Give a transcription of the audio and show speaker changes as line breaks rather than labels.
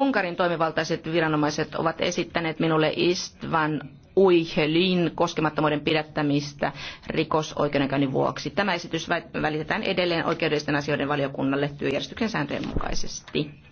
Unkarin toimivaltaiset viranomaiset ovat esittäneet minulle Istvan Uihelin koskemattomuuden pidättämistä rikosoikeudenkäynnin vuoksi. Tämä esitys välitetään edelleen oikeudellisten asioiden valiokunnalle työjärjestyksen sääntöjen mukaisesti.